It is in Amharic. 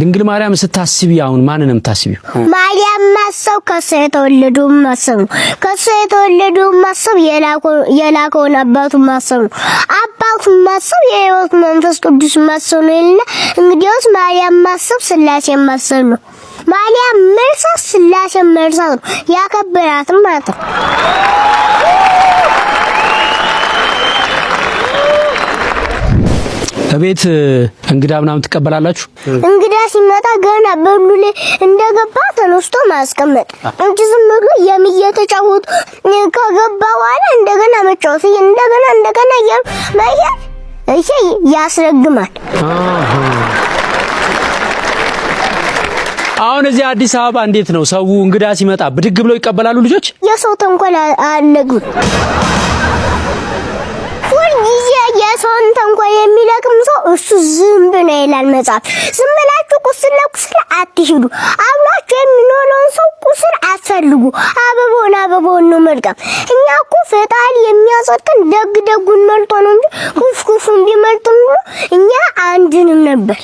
ድንግል ማርያም ስታስቢ አሁን ማንን ነው የምታስቢው? ማርያም ማሰብ ከሱ የተወለዱ ማሰብ ነው። ከሱ የተወለዱ ማሰብ የላከውን አባቱ ማሰብ ነው። አባቱ ማሰብ የሕይወት መንፈስ ቅዱስ ማሰብ ነው ይልና እንግዲያውስ ማርያም ማሰብ ስላሴ ማሰብ ነው። ማርያም መርሳት ስላሴ መርሳት ነው። ያከበራትም ማለት ነው። ከቤት እንግዳ ምናምን ትቀበላላችሁ? እንግዳ ሲመጣ ገና በሉ ላይ እንደገባ ተነስቶ ማስቀመጥ እንጂ ዝም ብሎ የሚየተጫወቱ ከገባ በኋላ እንደገና መጫወት እንደገና እንደገና እያሉ መሄድ ይሄ ያስረግማል። አሁን እዚህ አዲስ አበባ እንዴት ነው ሰው እንግዳ ሲመጣ ብድግ ብለው ይቀበላሉ ልጆች? የሰው ተንኮል አለግም እሱ ዝም ነው ይላል መጽሐፍ። ዝም ብላችሁ ቁስል ለቁስል አትሂዱ። አብሯችሁ የሚኖረውን ሰው ቁስል አትፈልጉ። አበቦን አበቦን ነው መልቀም። እኛ እኮ ፈጣሪ የሚያጸድቅን ደግ ደጉን መልጦ ነው እንጂ ክፉ ክፉን ቢመልጥም እኛ አንድንም ነበር።